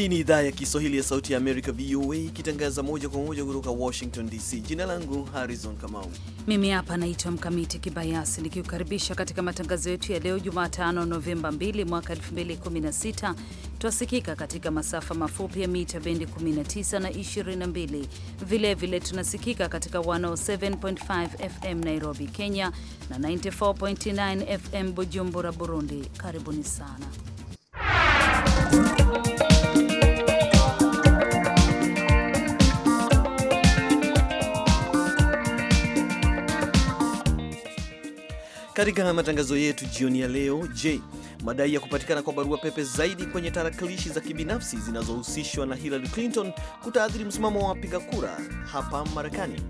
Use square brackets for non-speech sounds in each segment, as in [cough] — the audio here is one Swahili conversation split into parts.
Hii ni idhaa ya Kiswahili ya Sauti ya Amerika, VOA, ikitangaza moja kwa moja kutoka Washington DC. Jina langu Harrison Kamau, mimi hapa naitwa Mkamiti Kibayasi, nikiukaribisha katika matangazo yetu ya leo Jumatano, Novemba 2 mwaka 2016. Twasikika katika masafa mafupi ya mita bendi 19 na 22, vilevile vile tunasikika katika 107.5 FM Nairobi, Kenya na 94.9 FM Bujumbura, Burundi. Karibuni sana Katika matangazo yetu jioni ya leo, je, madai ya kupatikana kwa barua pepe zaidi kwenye tarakilishi za kibinafsi zinazohusishwa na Hillary Clinton kutaathiri msimamo wa wapiga kura hapa Marekani?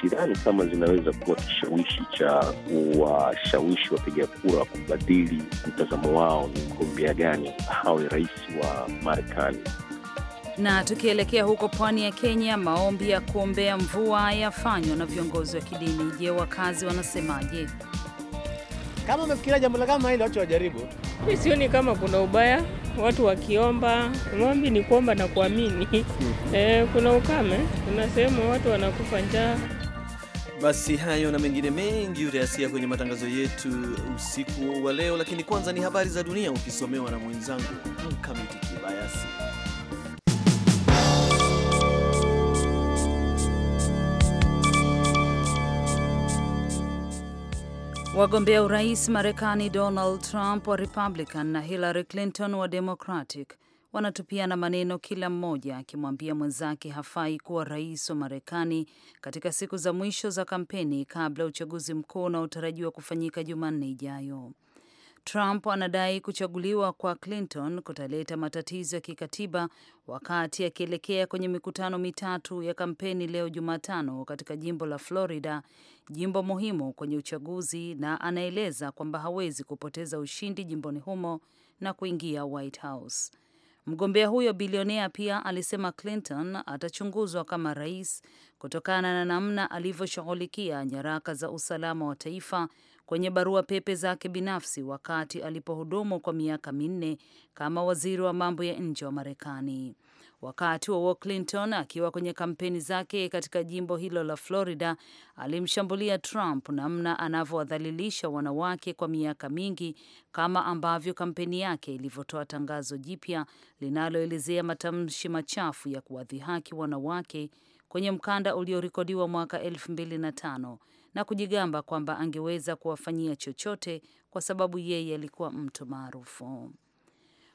Sidhani kama zinaweza kuwa kishawishi cha kuwashawishi wapiga kura kubadili mtazamo wao ni mgombea gani awe rais wa Marekani. Na tukielekea huko pwani ya Kenya, maombi ya kuombea mvua yafanywa na viongozi wa kidini. Je, wakazi wanasemaje? Kama umefikiria jambo la kama hili, watu wajaribu. Mimi sioni kama kuna ubaya, watu wakiomba. Maombi ni kuomba na kuamini. [laughs] E, kuna ukame, kuna sehemu watu wanakufa njaa. Basi hayo na mengine mengi utayasikia kwenye matangazo yetu usiku wa leo, lakini kwanza ni habari za dunia ukisomewa na mwenzangu Mkamiti Kibayasi. Wagombea urais Marekani Donald Trump wa Republican na Hillary Clinton wa Democratic wanatupiana maneno, kila mmoja akimwambia mwenzake hafai kuwa rais wa Marekani katika siku za mwisho za kampeni kabla ya uchaguzi mkuu unaotarajiwa kufanyika Jumanne ijayo. Trump anadai kuchaguliwa kwa Clinton kutaleta matatizo ya kikatiba wakati akielekea kwenye mikutano mitatu ya kampeni leo Jumatano katika jimbo la Florida, jimbo muhimu kwenye uchaguzi, na anaeleza kwamba hawezi kupoteza ushindi jimboni humo na kuingia White House. Mgombea huyo bilionea pia alisema Clinton atachunguzwa kama rais kutokana na namna alivyoshughulikia nyaraka za usalama wa taifa kwenye barua pepe zake binafsi wakati alipohudumu kwa miaka minne kama waziri wa mambo ya nje wa Marekani. Wakati wa huo Clinton akiwa kwenye kampeni zake katika jimbo hilo la Florida alimshambulia Trump namna anavyowadhalilisha wanawake kwa miaka mingi, kama ambavyo kampeni yake ilivyotoa tangazo jipya linaloelezea matamshi machafu ya kuwadhihaki wanawake kwenye mkanda uliorekodiwa mwaka 2005 na kujigamba kwamba angeweza kuwafanyia chochote kwa sababu yeye alikuwa mtu maarufu.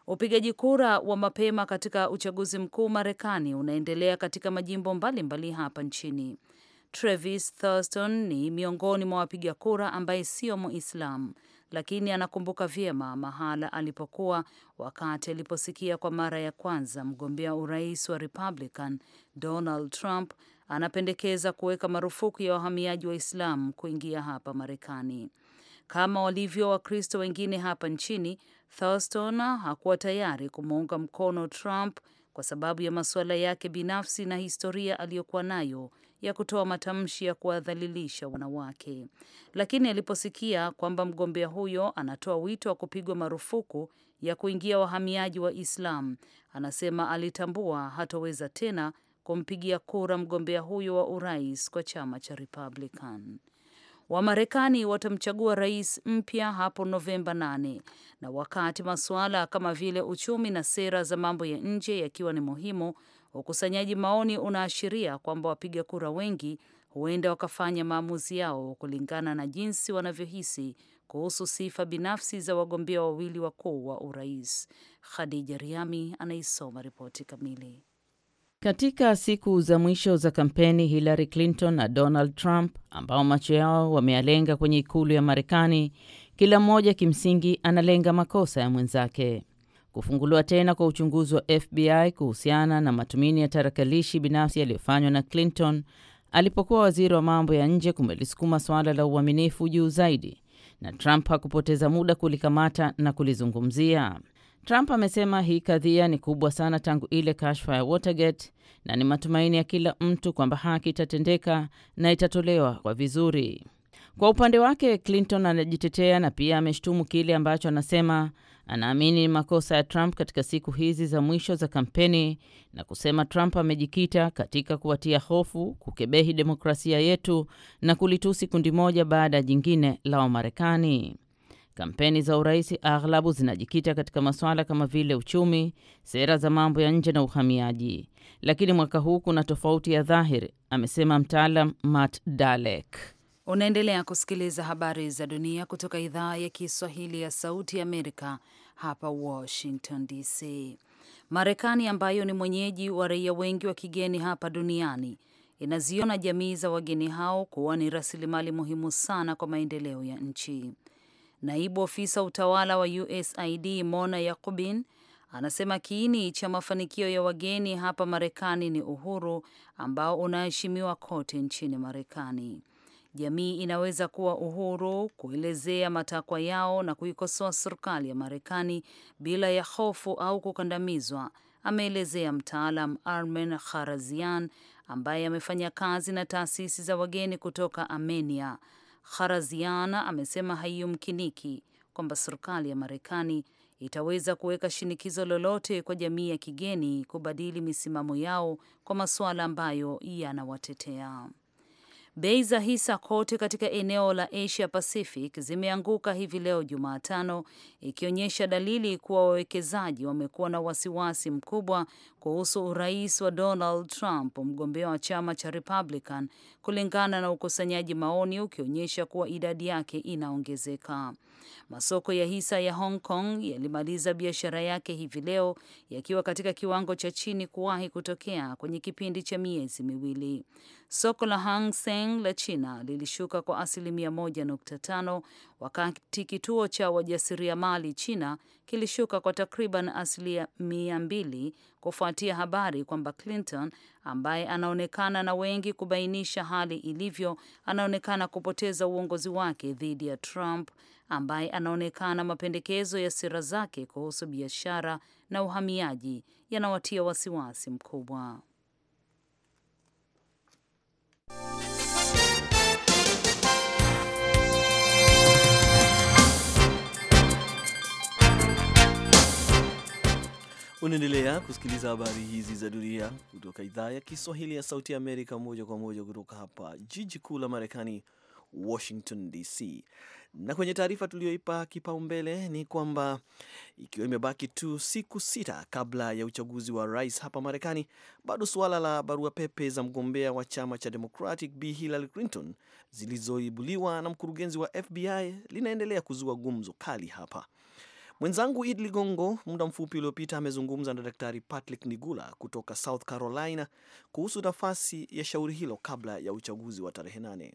Upigaji kura wa mapema katika uchaguzi mkuu Marekani unaendelea katika majimbo mbalimbali mbali hapa nchini. Travis Thurston ni miongoni mwa wapiga kura ambaye sio Muislamu, lakini anakumbuka vyema mahala alipokuwa wakati aliposikia kwa mara ya kwanza mgombea urais wa Republican Donald Trump anapendekeza kuweka marufuku ya wahamiaji Waislamu kuingia hapa Marekani. Kama walivyo Wakristo wengine hapa nchini, Thurston hakuwa tayari kumuunga mkono Trump kwa sababu ya masuala yake binafsi na historia aliyokuwa nayo ya kutoa matamshi ya kuwadhalilisha wanawake, lakini aliposikia kwamba mgombea huyo anatoa wito wa kupigwa marufuku ya kuingia wahamiaji wa Islam, anasema alitambua hataweza tena kumpigia kura mgombea huyo wa urais kwa chama cha Republican. Wamarekani watamchagua rais mpya hapo Novemba 8 na wakati masuala kama vile uchumi na sera za mambo ya nje yakiwa ni muhimu, ukusanyaji maoni unaashiria kwamba wapiga kura wengi huenda wakafanya maamuzi yao kulingana na jinsi wanavyohisi kuhusu sifa binafsi za wagombea wawili wakuu wa urais. Khadija Riami anaisoma ripoti kamili. Katika siku za mwisho za kampeni, Hillary Clinton na Donald Trump ambao macho yao wameyalenga kwenye ikulu ya Marekani, kila mmoja kimsingi analenga makosa ya mwenzake. Kufunguliwa tena kwa uchunguzi wa FBI kuhusiana na matumini ya tarakilishi binafsi yaliyofanywa na Clinton alipokuwa waziri wa mambo ya nje kumelisukuma suala la uaminifu juu zaidi, na Trump hakupoteza muda kulikamata na kulizungumzia. Trump amesema hii kadhia ni kubwa sana tangu ile kashfa ya Watergate na ni matumaini ya kila mtu kwamba haki itatendeka na itatolewa kwa vizuri. Kwa upande wake, Clinton anajitetea na pia ameshtumu kile ambacho anasema anaamini ni makosa ya Trump katika siku hizi za mwisho za kampeni na kusema Trump amejikita katika kuwatia hofu, kukebehi demokrasia yetu na kulitusi kundi moja baada ya jingine la Wamarekani. Kampeni za urais aghlabu zinajikita katika masuala kama vile uchumi, sera za mambo ya nje na uhamiaji, lakini mwaka huu kuna tofauti ya dhahiri, amesema mtaalam Matt Dalek. Unaendelea kusikiliza habari za dunia kutoka idhaa ya Kiswahili ya Sauti ya Amerika hapa Washington DC. Marekani ambayo ni mwenyeji wa raia wengi wa kigeni hapa duniani inaziona jamii za wageni hao kuwa ni rasilimali muhimu sana kwa maendeleo ya nchi. Naibu ofisa utawala wa USAID Mona Yakubin anasema kiini cha mafanikio ya wageni hapa Marekani ni uhuru ambao unaheshimiwa kote nchini Marekani. Jamii inaweza kuwa uhuru kuelezea matakwa yao na kuikosoa serikali ya Marekani bila ya hofu au kukandamizwa, ameelezea mtaalam Armen Kharazian ambaye amefanya kazi na taasisi za wageni kutoka Armenia Kharaziana amesema haiyumkiniki kwamba serikali ya Marekani itaweza kuweka shinikizo lolote kwa jamii ya kigeni kubadili misimamo yao kwa masuala ambayo yanawatetea. Bei za hisa kote katika eneo la Asia Pacific zimeanguka hivi leo Jumatano, ikionyesha dalili kuwa wawekezaji wamekuwa na wasiwasi mkubwa kuhusu urais wa Donald Trump, mgombea wa chama cha Republican, kulingana na ukusanyaji maoni ukionyesha kuwa idadi yake inaongezeka. Masoko ya hisa ya Hong Kong yalimaliza biashara yake hivi leo yakiwa katika kiwango cha chini kuwahi kutokea kwenye kipindi cha miezi miwili. Soko la Hang Seng la China lilishuka kwa asilimia 1.5 wakati kituo cha wajasiriamali China kilishuka kwa takriban asilimia mbili kufuatia habari kwamba Clinton ambaye anaonekana na wengi kubainisha hali ilivyo, anaonekana kupoteza uongozi wake dhidi ya Trump ambaye anaonekana mapendekezo ya sera zake kuhusu biashara na uhamiaji yanawatia wasiwasi mkubwa. Unaendelea kusikiliza habari hizi za dunia kutoka idhaa ya Kiswahili ya Sauti ya Amerika, moja kwa moja kutoka hapa jiji kuu la Marekani, Washington DC. Na kwenye taarifa tuliyoipa kipaumbele ni kwamba ikiwa imebaki tu siku sita kabla ya uchaguzi wa rais hapa Marekani, bado suala la barua pepe za mgombea wa chama cha Democratic Bi Hillary Clinton zilizoibuliwa na mkurugenzi wa FBI linaendelea kuzua gumzo kali hapa. Mwenzangu Id Ligongo muda mfupi uliopita amezungumza na Daktari Patrick Nigula kutoka South Carolina kuhusu nafasi ya shauri hilo kabla ya uchaguzi wa tarehe nane.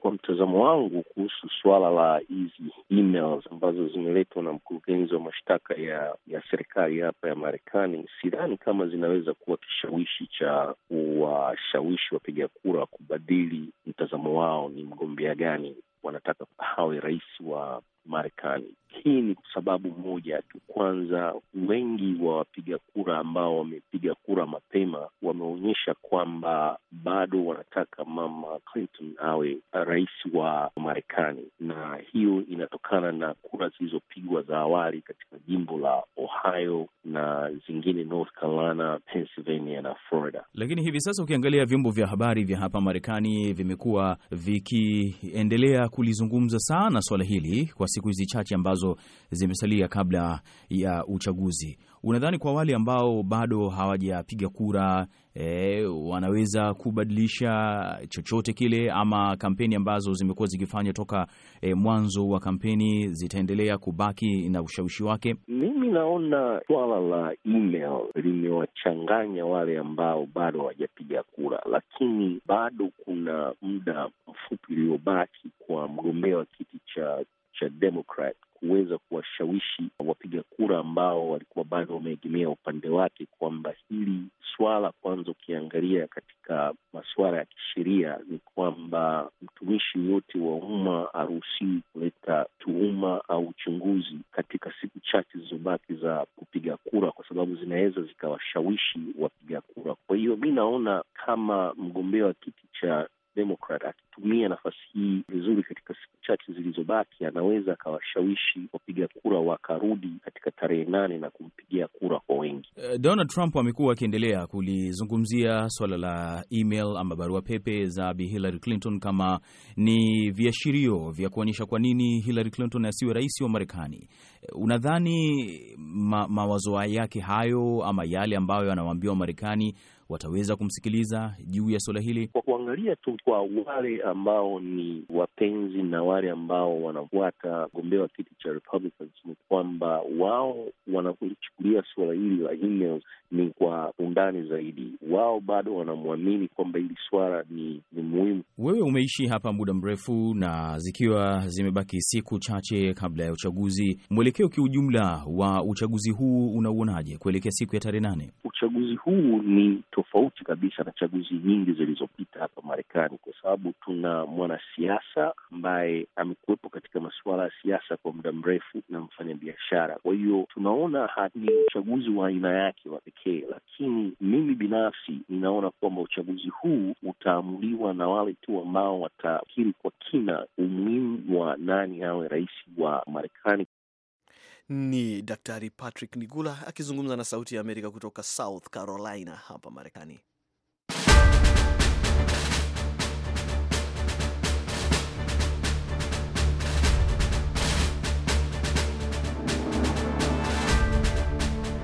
Kwa mtazamo wangu kuhusu suala la hizi emails ambazo zimeletwa na mkurugenzi wa mashtaka ya ya serikali hapa ya Marekani, sidhani kama zinaweza kuwa kishawishi cha kuwashawishi wapiga kura kubadili mtazamo wao ni mgombea gani wanataka hawe rais wa Marekani. Hii ni kwa sababu moja tu. Kwanza, wengi wa wapiga kura ambao wamepiga kura mapema wameonyesha kwamba bado wanataka mama Clinton awe rais wa Marekani, na hiyo inatokana na kura zilizopigwa za awali katika jimbo la Ohio na zingine North Carolina, Pennsylvania na Florida. Lakini hivi sasa ukiangalia vyombo vya habari vya hapa Marekani vimekuwa vikiendelea kulizungumza sana swala hili kwa siku hizi chache ambazo zimesalia kabla ya uchaguzi, unadhani kwa wale ambao bado hawajapiga kura e, wanaweza kubadilisha chochote kile, ama kampeni ambazo zimekuwa zikifanywa toka e, mwanzo wa kampeni zitaendelea kubaki na ushawishi wake? Mimi naona swala la email limewachanganya wale ambao bado hawajapiga kura, lakini bado kuna muda mfupi uliobaki kwa mgombea wa kiti cha cha Democrat kuweza kuwashawishi wapiga kura ambao walikuwa bado wameegemea upande wake kwamba hili swala kwanza, ukiangalia katika masuala ya kisheria ni kwamba mtumishi yoyote wa umma haruhusiwi kuleta tuhuma au uchunguzi katika siku chache zilizobaki za kupiga kura, kwa sababu zinaweza zikawashawishi wapiga kura. Kwa hiyo mi naona kama mgombea wa kiti cha Democrat akitumia nafasi hii vizuri katika siku chache zilizobaki, anaweza akawashawishi wapiga kura wakarudi katika tarehe nane na kumpigia kura kwa wengi. Eh, Donald Trump amekuwa akiendelea kulizungumzia swala la email ama barua pepe za Bi Hillary Clinton kama ni viashirio vya kuonyesha kwa nini Hillary Clinton asiwe rais wa Marekani. Eh, unadhani ma mawazo yake hayo ama yale ambayo anawaambia Wamarekani wataweza kumsikiliza juu ya suala hili kwa kuangalia tu kwa wale ambao ni wapenzi na wale ambao wanafuata mgombea wa kiti cha Republicans, ni kwamba wao wanalichukulia suala hili la emails ni kwa undani zaidi. Wao bado wanamwamini kwamba hili swala ni, ni muhimu. Wewe umeishi hapa muda mrefu, na zikiwa zimebaki siku chache kabla ya uchaguzi, mwelekeo kiujumla wa uchaguzi huu unauonaje kuelekea siku ya tarehe nane? Uchaguzi huu ni tofauti kabisa na chaguzi nyingi zilizopita hapa Marekani, kwa sababu tuna mwanasiasa ambaye amekuwepo katika masuala ya siasa kwa muda mrefu na biashara. Kwa hiyo tunaona ni uchaguzi wa aina yake wa pekee, lakini mimi binafsi ninaona kwamba uchaguzi huu utaamuliwa na wale tu ambao watafikiri kwa kina umuhimu wa nani awe rais wa Marekani. Ni Daktari Patrick Nigula akizungumza na Sauti ya Amerika kutoka South Carolina hapa Marekani.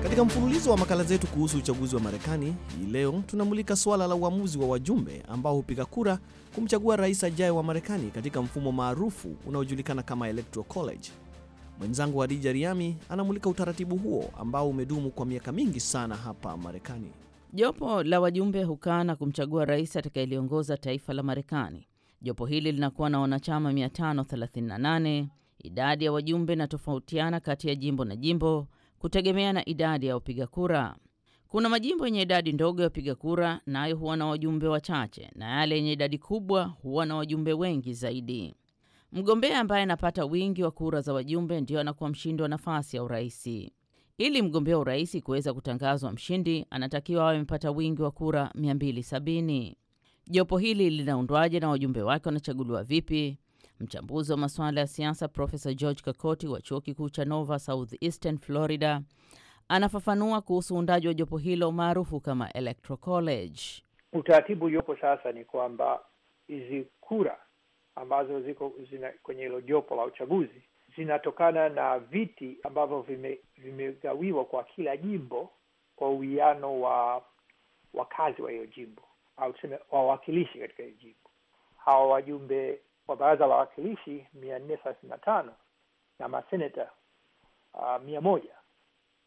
Katika mfululizo wa makala zetu kuhusu uchaguzi wa Marekani, hii leo tunamulika suala la uamuzi wa wajumbe ambao hupiga kura kumchagua rais ajaye wa Marekani katika mfumo maarufu unaojulikana kama Electoral College. Mwenzangu adija Riami anamulika utaratibu huo ambao umedumu kwa miaka mingi sana hapa Marekani. Jopo la wajumbe hukaa na kumchagua rais atakayeliongoza taifa la Marekani. Jopo hili linakuwa na wanachama 538. Idadi ya wajumbe inatofautiana kati ya jimbo na jimbo kutegemea na idadi ya wapiga kura. Kuna majimbo yenye idadi ndogo ya wapiga kura, nayo huwa na wajumbe wachache, na yale yenye idadi kubwa huwa na wajumbe wengi zaidi. Mgombea ambaye anapata wingi wa kura za wajumbe ndiyo anakuwa mshindi wa nafasi ya uraisi. Ili mgombea wa urais kuweza kutangazwa mshindi, anatakiwa awe amepata wingi wa kura 270. Jopo hili linaundwaje na wajumbe wake wanachaguliwa vipi? Mchambuzi wa masuala ya siasa Profesa George Kakoti wa chuo kikuu cha Nova Southeastern Florida anafafanua kuhusu uundaji wa jopo hilo maarufu kama Electoral College. Utaratibu uliopo sasa ni kwamba hizi kura ambazo ziko zina, kwenye hilo jopo la uchaguzi zinatokana na viti ambavyo vime, vimegawiwa kwa kila jimbo kwa uwiano wa wakazi wa hiyo jimbo au tuseme wawakilishi katika hiyo jimbo. Hawa wajumbe wa baraza la wawakilishi mia nne thelathini na tano na maseneta uh, mia moja.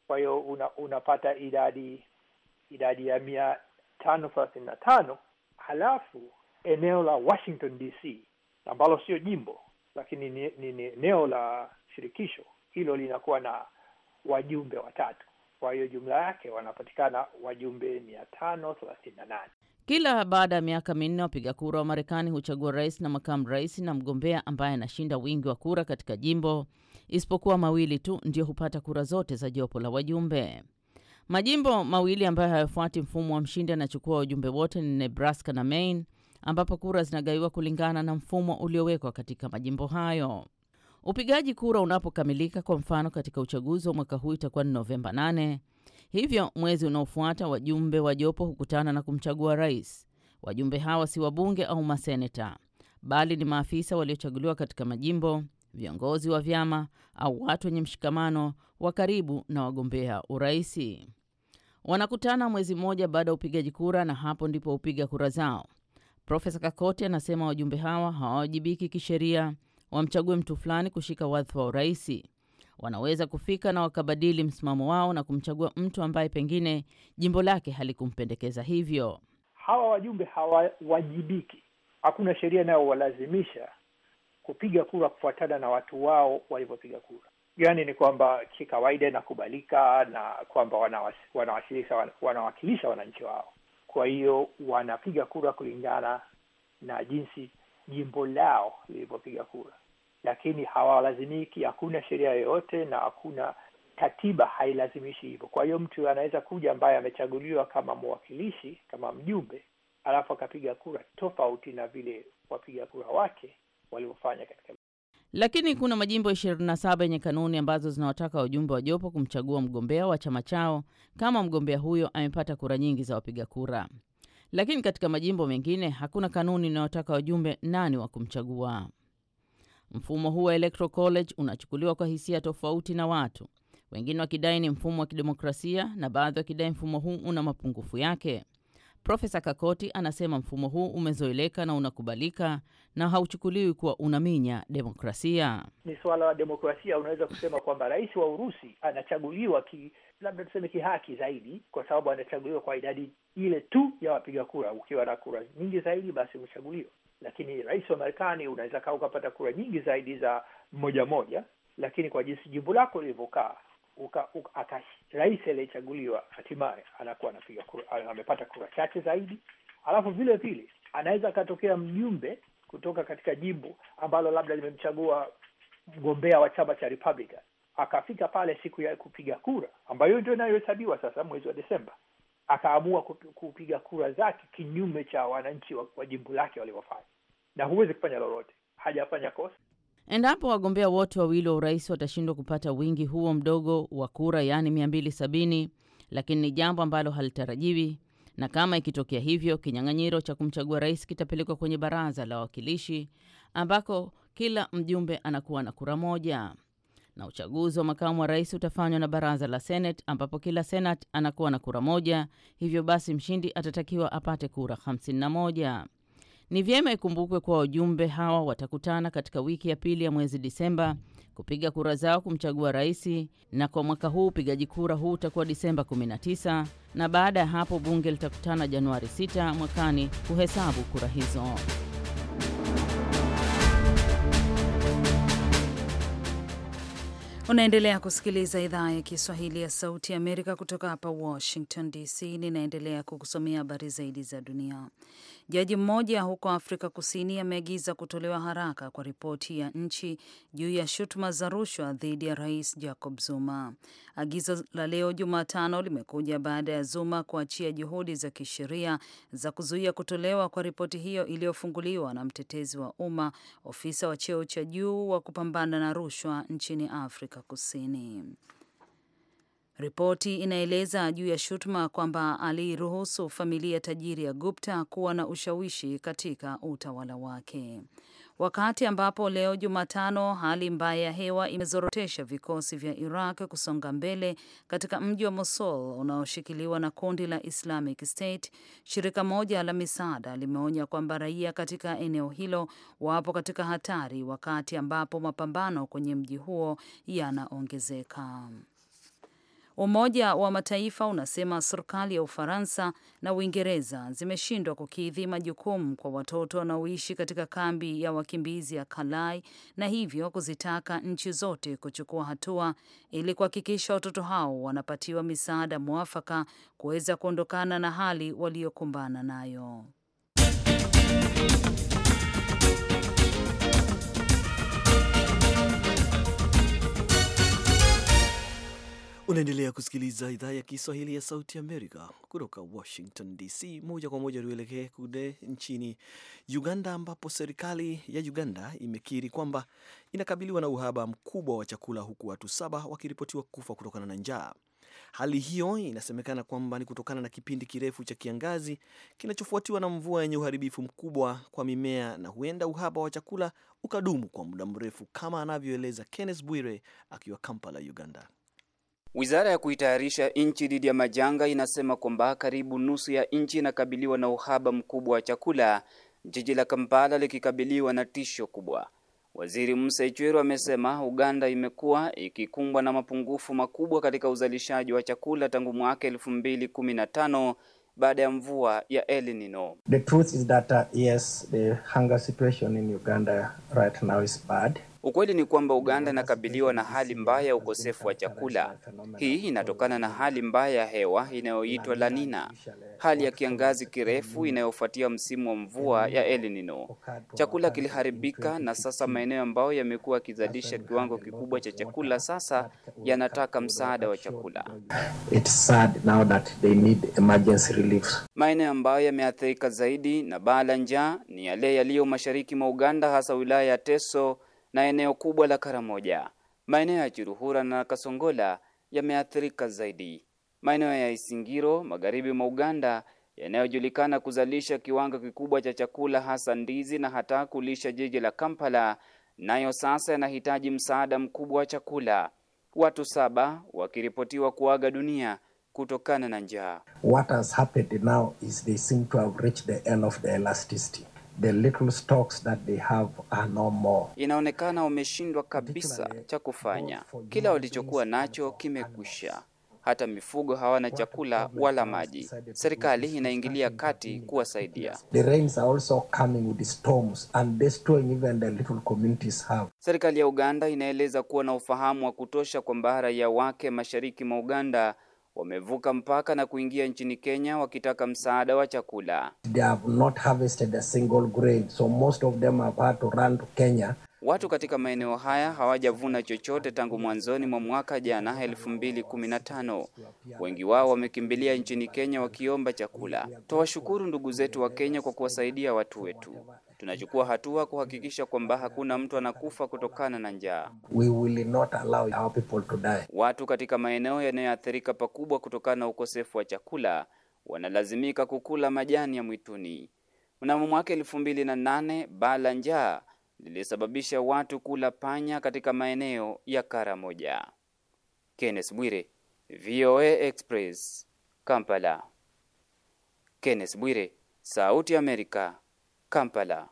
Kwa hiyo una, unapata idadi idadi ya mia tano thelathini na tano halafu eneo la Washington DC ambalo sio jimbo lakini ni, eneo la shirikisho, hilo linakuwa na wajumbe watatu. Kwa hiyo jumla yake wanapatikana wajumbe mia tano thelathini na nane. Kila baada ya miaka minne wapiga kura wa Marekani huchagua rais na makamu rais, na mgombea ambaye anashinda wingi wa kura katika jimbo isipokuwa mawili tu ndio hupata kura zote za jopo la wajumbe. Majimbo mawili ambayo hayafuati mfumo wa mshindi anachukua wajumbe wote ni Nebraska na Maine ambapo kura zinagaiwa kulingana na mfumo uliowekwa katika majimbo hayo. Upigaji kura unapokamilika, kwa mfano katika uchaguzi wa mwaka huu itakuwa ni Novemba 8. Hivyo mwezi unaofuata wajumbe wa jopo hukutana na kumchagua rais. Wajumbe hawa si wabunge au maseneta, bali ni maafisa waliochaguliwa katika majimbo, viongozi wa vyama au watu wenye mshikamano wa karibu na wagombea uraisi. Wanakutana mwezi mmoja baada ya upigaji kura, na hapo ndipo hupiga kura zao. Profesa Kakoti anasema wajumbe hawa hawawajibiki kisheria wamchague mtu fulani kushika wadhifa wa urais. Wanaweza kufika na wakabadili msimamo wao na kumchagua mtu ambaye pengine jimbo lake halikumpendekeza. Hivyo hawa wajumbe hawawajibiki, hakuna sheria inayowalazimisha kupiga kura kufuatana na watu wao walivyopiga kura. Yani ni kwamba kikawaida inakubalika na kwamba wanawakilisha wananchi wao. Kwa hiyo wanapiga kura kulingana na jinsi jimbo lao lilivyopiga kura, lakini hawalazimiki. Hakuna sheria yoyote na hakuna katiba hailazimishi hivyo. Kwa hiyo mtu anaweza kuja ambaye amechaguliwa kama mwakilishi, kama mjumbe, alafu akapiga kura tofauti na vile wapiga kura wake waliofanya katika lakini kuna majimbo 27 yenye kanuni ambazo zinawataka wajumbe wa jopo kumchagua mgombea wa chama chao kama mgombea huyo amepata kura nyingi za wapiga kura. Lakini katika majimbo mengine hakuna kanuni inayotaka wajumbe nani wa kumchagua. Mfumo huu wa Electoral College unachukuliwa kwa hisia tofauti na watu wengine, wakidai ni mfumo wa kidemokrasia na baadhi wakidai mfumo huu una mapungufu yake. Profesa Kakoti anasema mfumo huu umezoeleka na unakubalika na hauchukuliwi kuwa unaminya demokrasia. Ni suala la demokrasia. Unaweza kusema kwamba rais wa Urusi anachaguliwa ki, labda tuseme kihaki zaidi, kwa sababu anachaguliwa kwa idadi ile tu ya wapiga kura. Ukiwa na kura nyingi zaidi, basi umechaguliwa. Lakini rais wa Marekani unaweza kaa ukapata kura nyingi zaidi za moja moja, lakini kwa jinsi jimbo lako lilivyokaa uka, uka, aka, rais aliyechaguliwa hatimaye anakuwa anapiga kura, amepata kura chache zaidi, alafu vile vile anaweza akatokea mjumbe kutoka katika jimbo ambalo labda limemchagua mgombea wa chama cha Republican akafika pale siku ya kupiga kura ambayo ndio inayohesabiwa sasa mwezi wa Desemba, akaamua kupiga kura zake kinyume cha wananchi wa, wa jimbo lake waliofanya, na huwezi kufanya lolote, hajafanya kosa. Endapo wagombea wote wawili wa urais watashindwa kupata wingi huo mdogo wa kura, yaani 270, lakini ni jambo ambalo halitarajiwi, na kama ikitokea hivyo, kinyang'anyiro cha kumchagua rais kitapelekwa kwenye baraza la wawakilishi ambako kila mjumbe anakuwa na kura moja, na uchaguzi wa makamu wa rais utafanywa na baraza la Senate ambapo kila senat anakuwa na kura moja. Hivyo basi mshindi atatakiwa apate kura 51. Ni vyema ikumbukwe kuwa wajumbe hawa watakutana katika wiki ya pili ya mwezi Disemba kupiga kura zao kumchagua rais, na kwa mwaka huu upigaji kura huu utakuwa Disemba 19 na baada ya hapo bunge litakutana Januari 6 mwakani kuhesabu kura hizo. Unaendelea kusikiliza idhaa ya Kiswahili ya Sauti ya Amerika kutoka hapa Washington DC. Ninaendelea kukusomea habari zaidi za dunia. Jaji mmoja huko Afrika Kusini ameagiza kutolewa haraka kwa ripoti ya nchi juu ya shutuma za rushwa dhidi ya Rais Jacob Zuma. Agizo la leo Jumatano limekuja baada ya Zuma kuachia juhudi za kisheria za kuzuia kutolewa kwa ripoti hiyo iliyofunguliwa na mtetezi wa umma, ofisa wa cheo cha juu wa kupambana na rushwa nchini Afrika Kusini. Ripoti inaeleza juu ya shutuma kwamba aliruhusu familia tajiri ya Gupta kuwa na ushawishi katika utawala wake. Wakati ambapo leo Jumatano, hali mbaya ya hewa imezorotesha vikosi vya Iraq kusonga mbele katika mji wa Mosul unaoshikiliwa na kundi la Islamic State. Shirika moja la misaada limeonya kwamba raia katika eneo hilo wapo katika hatari, wakati ambapo mapambano kwenye mji huo yanaongezeka. Umoja wa Mataifa unasema serikali ya Ufaransa na Uingereza zimeshindwa kukidhi majukumu kwa watoto wanaoishi katika kambi ya wakimbizi ya kalai na hivyo kuzitaka nchi zote kuchukua hatua ili kuhakikisha watoto hao wanapatiwa misaada mwafaka kuweza kuondokana na hali waliokumbana nayo. Unaendelea kusikiliza idhaa ya Kiswahili ya Sauti Amerika kutoka Washington DC. Moja kwa moja tuelekee kule nchini Uganda, ambapo serikali ya Uganda imekiri kwamba inakabiliwa na uhaba mkubwa wa chakula, huku watu saba wakiripotiwa kufa kutokana na njaa. Hali hiyo inasemekana kwamba ni kutokana na kipindi kirefu cha kiangazi kinachofuatiwa na mvua yenye uharibifu mkubwa kwa mimea, na huenda uhaba wa chakula ukadumu kwa muda mrefu, kama anavyoeleza Kenneth Bwire akiwa Kampala, Uganda. Wizara ya kuitayarisha nchi dhidi ya majanga inasema kwamba karibu nusu ya nchi inakabiliwa na uhaba mkubwa wa chakula, jiji la Kampala likikabiliwa na tisho kubwa. Waziri Musa Ichweru amesema Uganda imekuwa ikikumbwa na mapungufu makubwa katika uzalishaji wa chakula tangu mwaka 2015 baada ya mvua ya El Nino. The truth is that, uh, yes, the hunger situation in Uganda right now is bad. Ukweli ni kwamba Uganda inakabiliwa na hali mbaya ya ukosefu wa chakula. Hii inatokana na hali mbaya ya hewa inayoitwa La Nina, hali ya kiangazi kirefu inayofuatia msimu wa mvua ya El Nino. Chakula kiliharibika, na sasa maeneo ambayo yamekuwa yakizalisha kiwango kikubwa cha chakula sasa yanataka msaada wa chakula. Maeneo ambayo yameathirika zaidi na baa la njaa ni yale yaliyo mashariki mwa Uganda, hasa wilaya ya Teso na eneo kubwa la Karamoja. Maeneo ya Chiruhura na Kasongola yameathirika zaidi. Maeneo ya Isingiro magharibi mwa Uganda yanayojulikana kuzalisha kiwango kikubwa cha chakula hasa ndizi na hata kulisha jiji la Kampala, nayo sasa yanahitaji msaada mkubwa wa chakula, watu saba wakiripotiwa kuaga dunia kutokana na njaa. What has happened now is they seem to have reached the end of the elasticity. The little stocks that they have are no more. Inaonekana wameshindwa kabisa cha kufanya. Kila walichokuwa nacho kimekwisha. Hata mifugo hawana chakula wala maji. Serikali inaingilia kati kuwasaidia. The rains are also coming with storms and destroying even the little communities have. Serikali ya Uganda inaeleza kuwa na ufahamu wa kutosha kwamba raia wake mashariki mwa Uganda wamevuka mpaka na kuingia nchini Kenya wakitaka msaada wa chakula. They have not harvested a single grain, so most of them have had to run to Kenya. Watu katika maeneo haya hawajavuna chochote tangu mwanzoni mwa mwaka jana 2015. Wengi wao wamekimbilia nchini Kenya wakiomba chakula. Twawashukuru ndugu zetu wa Kenya kwa kuwasaidia watu wetu. Tunachukua hatua kuhakikisha kwamba hakuna mtu anakufa kutokana na njaa. We will not allow our people to die. Watu katika maeneo yanayoathirika pakubwa kutokana na ukosefu wa chakula wanalazimika kukula majani ya mwituni. Mnamo mwaka elfu mbili na nane baa la njaa lilisababisha watu kula panya katika maeneo ya moja. Kenneth Bwire, VOA Express, Kampala. Kenneth Bwire, Sauti Amerika, Kampala.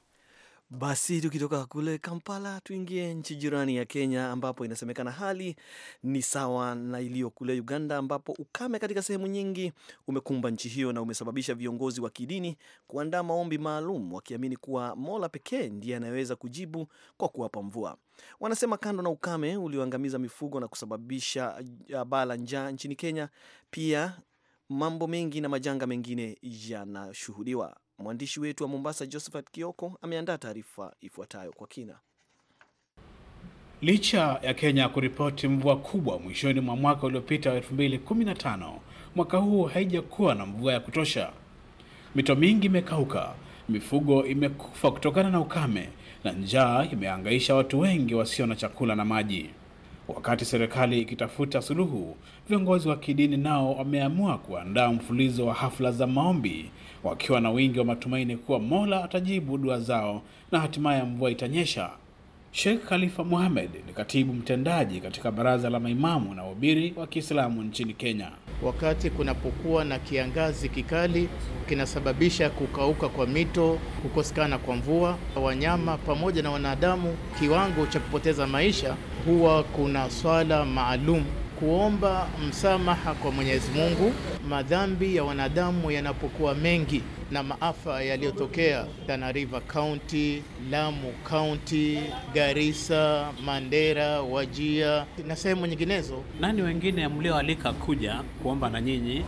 Basi tukitoka kule Kampala tuingie nchi jirani ya Kenya, ambapo inasemekana hali ni sawa na iliyo kule Uganda, ambapo ukame katika sehemu nyingi umekumba nchi hiyo na umesababisha viongozi wa kidini kuandaa maombi maalum, wakiamini kuwa Mola pekee ndiye anayeweza kujibu kwa kuwapa mvua. Wanasema kando na ukame ulioangamiza mifugo na kusababisha uh, baa la njaa nchini Kenya, pia mambo mengi na majanga mengine yanashuhudiwa. Mwandishi wetu wa Mombasa, Josephat Kioko, ameandaa taarifa ifuatayo kwa kina. Licha ya Kenya kuripoti mvua kubwa mwishoni mwa mwaka uliopita wa 2015, mwaka huu haijakuwa na mvua ya kutosha. Mito mingi imekauka, mifugo imekufa kutokana na ukame, na njaa imehangaisha watu wengi wasio na chakula na maji. Wakati serikali ikitafuta suluhu, viongozi wa kidini nao wameamua kuandaa mfululizo wa hafla za maombi, wakiwa na wingi wa matumaini kuwa Mola atajibu dua zao na hatimaye mvua itanyesha. Sheikh Khalifa Muhammad ni katibu mtendaji katika baraza la maimamu na wabiri wa Kiislamu nchini Kenya. Wakati kunapokuwa na kiangazi kikali kinasababisha kukauka kwa mito, kukosekana kwa mvua, wanyama pamoja na wanadamu, kiwango cha kupoteza maisha, huwa kuna swala maalum kuomba msamaha kwa Mwenyezi Mungu madhambi ya wanadamu yanapokuwa mengi na maafa yaliyotokea Tana River County, Lamu County, Garissa, Mandera, Wajia na sehemu nyinginezo. Nani wengine mlioalika kuja kuomba na nyinyi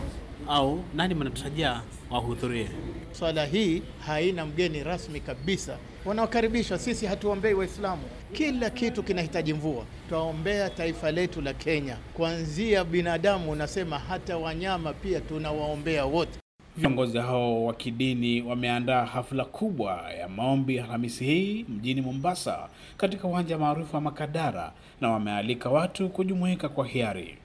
au nani mnatarajia wahudhurie? Swala hii haina mgeni rasmi kabisa, wanaokaribishwa sisi. Hatuombei Waislamu, kila kitu kinahitaji mvua. Twaombea taifa letu la Kenya, kuanzia binadamu, unasema hata wanyama pia tunawaombea wote. Viongozi hao wa kidini wameandaa hafla kubwa ya maombi Alhamisi hii mjini Mombasa katika uwanja maarufu wa Makadara na wamealika watu kujumuika kwa hiari.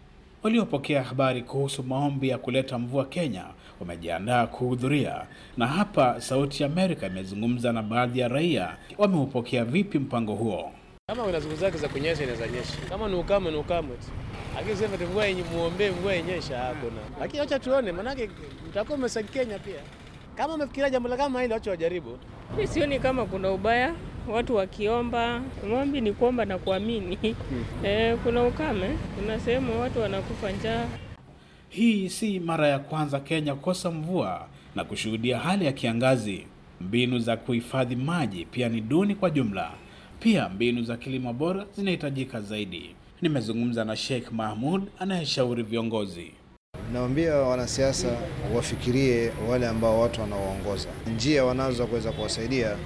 Waliopokea habari kuhusu maombi ya kuleta mvua Kenya wamejiandaa kuhudhuria, na hapa Sauti ya Amerika imezungumza na baadhi ya raia. Wameupokea vipi mpango huo? Kama kuna siku zake za kunyesha inaweza nyesha, kama ni ukame ni ukame tu, lakini sasa ati mvua muombe mvua inyesha, hakuna. Lakini acha tuone, maanake mtakuwa Kenya pia. Kama umefikiria jambo la kama hili, acha wajaribu. Mimi sioni kama kuna ubaya watu wakiomba. Maombi ni kuomba na kuamini. Hmm. E, kuna ukame, kuna sehemu watu wanakufa njaa. Hii si mara ya kwanza Kenya kukosa mvua na kushuhudia hali ya kiangazi. Mbinu za kuhifadhi maji pia ni duni kwa jumla. Pia mbinu za kilimo bora zinahitajika zaidi. Nimezungumza na Sheikh Mahmud anayeshauri viongozi. Naambia wanasiasa wafikirie wale ambao watu wanaoongoza, njia wanazo kuweza kuwasaidia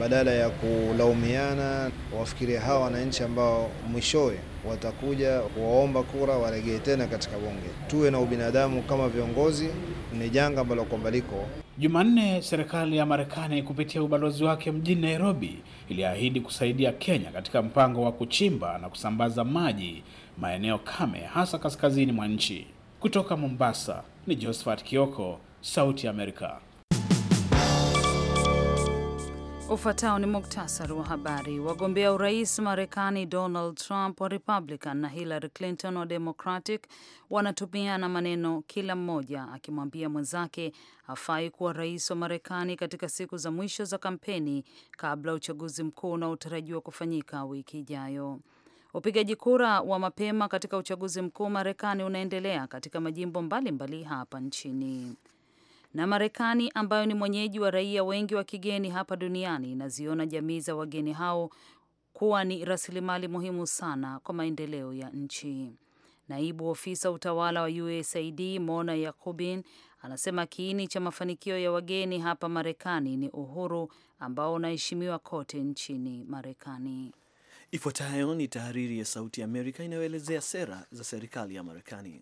badala ya kulaumiana wafikiria hawa wananchi ambao mwishowe watakuja kuwaomba kura waregee tena katika bunge. Tuwe na ubinadamu kama viongozi, ni janga ambalo kwamba liko. Jumanne, serikali ya Marekani kupitia ubalozi wake mjini Nairobi iliahidi kusaidia Kenya katika mpango wa kuchimba na kusambaza maji maeneo kame, hasa kaskazini mwa nchi. Kutoka Mombasa ni Josephat Kioko, Sauti ya Amerika. Ufuatao ni muktasari wa habari. Wagombea urais Marekani, Donald Trump wa Republican na Hillary Clinton wa Democratic wanatupiana maneno, kila mmoja akimwambia mwenzake hafai kuwa rais wa Marekani, katika siku za mwisho za kampeni kabla ya uchaguzi mkuu unaotarajiwa kufanyika wiki ijayo. Upigaji kura wa mapema katika uchaguzi mkuu Marekani unaendelea katika majimbo mbalimbali mbali hapa nchini na Marekani ambayo ni mwenyeji wa raia wengi wa kigeni hapa duniani inaziona jamii za wageni hao kuwa ni rasilimali muhimu sana kwa maendeleo ya nchi. Naibu ofisa utawala wa USAID Mona Yakubin anasema kiini cha mafanikio ya wageni hapa Marekani ni uhuru ambao unaheshimiwa kote nchini Marekani. Ifuatayo ni tahariri ya Sauti ya Amerika inayoelezea sera za serikali ya Marekani.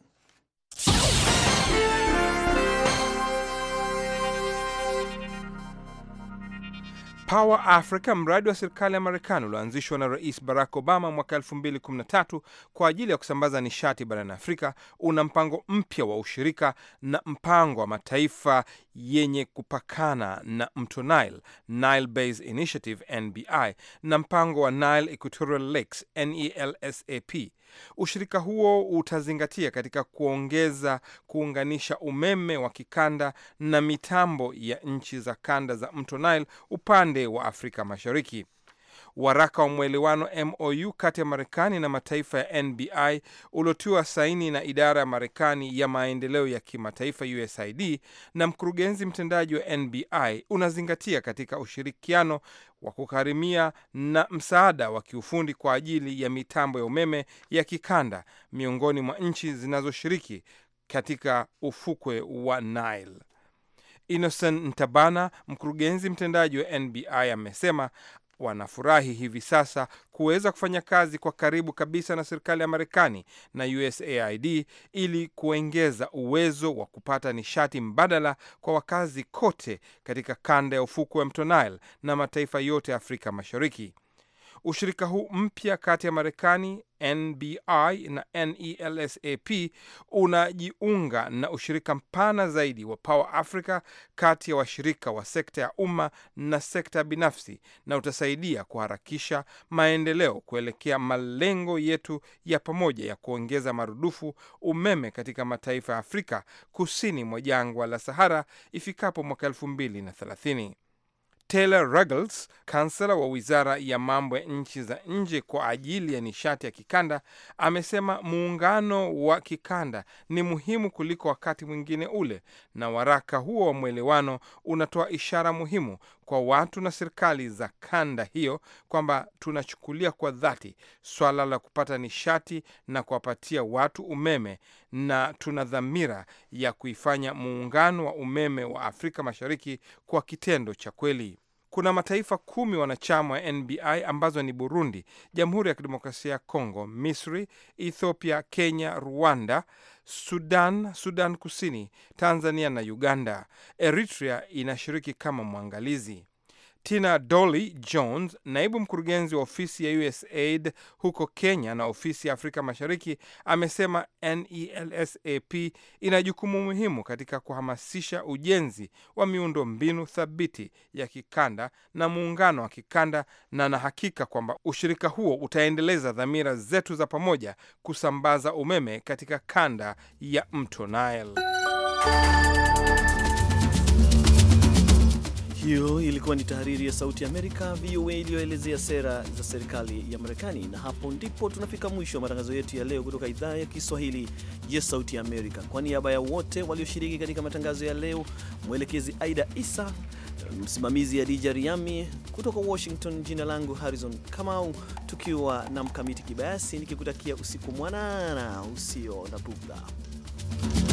Power Africa, mradi wa serikali ya Marekani ulioanzishwa na Rais Barack Obama mwaka 2013 kwa ajili ya kusambaza nishati barani Afrika, una mpango mpya wa ushirika na mpango wa mataifa yenye kupakana na mto Nile, Nile Base Initiative NBI, na mpango wa Nile Equatorial Lakes NELSAP. Ushirika huo utazingatia katika kuongeza kuunganisha umeme wa kikanda na mitambo ya nchi za kanda za mto Nile upande wa Afrika Mashariki waraka wa mwelewano MOU kati ya Marekani na mataifa ya NBI uliotiwa saini na idara ya Marekani ya maendeleo ya kimataifa USAID na mkurugenzi mtendaji wa NBI unazingatia katika ushirikiano wa kukarimia na msaada wa kiufundi kwa ajili ya mitambo ya umeme ya kikanda miongoni mwa nchi zinazoshiriki katika ufukwe wa Nile. Innocent Ntabana, mkurugenzi mtendaji wa NBI, amesema wanafurahi hivi sasa kuweza kufanya kazi kwa karibu kabisa na serikali ya Marekani na USAID ili kuongeza uwezo wa kupata nishati mbadala kwa wakazi kote katika kanda ya ufukwe wa mto Nile na mataifa yote ya Afrika Mashariki. Ushirika huu mpya kati ya Marekani, NBI na NELSAP, unajiunga na ushirika mpana zaidi wa Power Africa kati ya washirika wa sekta ya umma na sekta binafsi, na utasaidia kuharakisha maendeleo kuelekea malengo yetu ya pamoja ya kuongeza marudufu umeme katika mataifa ya Afrika kusini mwa jangwa la Sahara ifikapo mwaka 2030. Taylor Ruggles, kansela wa wizara ya mambo ya nchi za nje kwa ajili ya nishati ya kikanda, amesema muungano wa kikanda ni muhimu kuliko wakati mwingine ule, na waraka huo wa mwelewano unatoa ishara muhimu kwa watu na serikali za kanda hiyo kwamba tunachukulia kwa dhati swala la kupata nishati na kuwapatia watu umeme na tuna dhamira ya kuifanya muungano wa umeme wa Afrika Mashariki kwa kitendo cha kweli. Kuna mataifa kumi wanachama wa NBI ambazo ni Burundi, Jamhuri ya Kidemokrasia ya Kongo, Misri, Ethiopia, Kenya, Rwanda, Sudan, Sudan Kusini, Tanzania na Uganda. Eritrea inashiriki kama mwangalizi. Tina Dolly Jones, naibu mkurugenzi wa ofisi ya USAID huko Kenya na ofisi ya Afrika Mashariki, amesema NELSAP ina jukumu muhimu katika kuhamasisha ujenzi wa miundo mbinu thabiti ya kikanda na muungano wa kikanda, na na hakika kwamba ushirika huo utaendeleza dhamira zetu za pamoja kusambaza umeme katika kanda ya mto Nile. Hiyo ilikuwa ni tahariri ya Sauti ya Amerika, VOA, iliyoelezea sera za serikali ya Marekani. Na hapo ndipo tunafika mwisho wa matangazo yetu ya leo kutoka idhaa ya Kiswahili ya Sauti ya Amerika. Kwa niaba ya wote walioshiriki katika matangazo ya leo, mwelekezi Aida Isa, msimamizi Adija Riami kutoka Washington, jina langu Harrison Kamau, tukiwa na Mkamiti Kibayasi nikikutakia usiku mwanana usio na bughudha.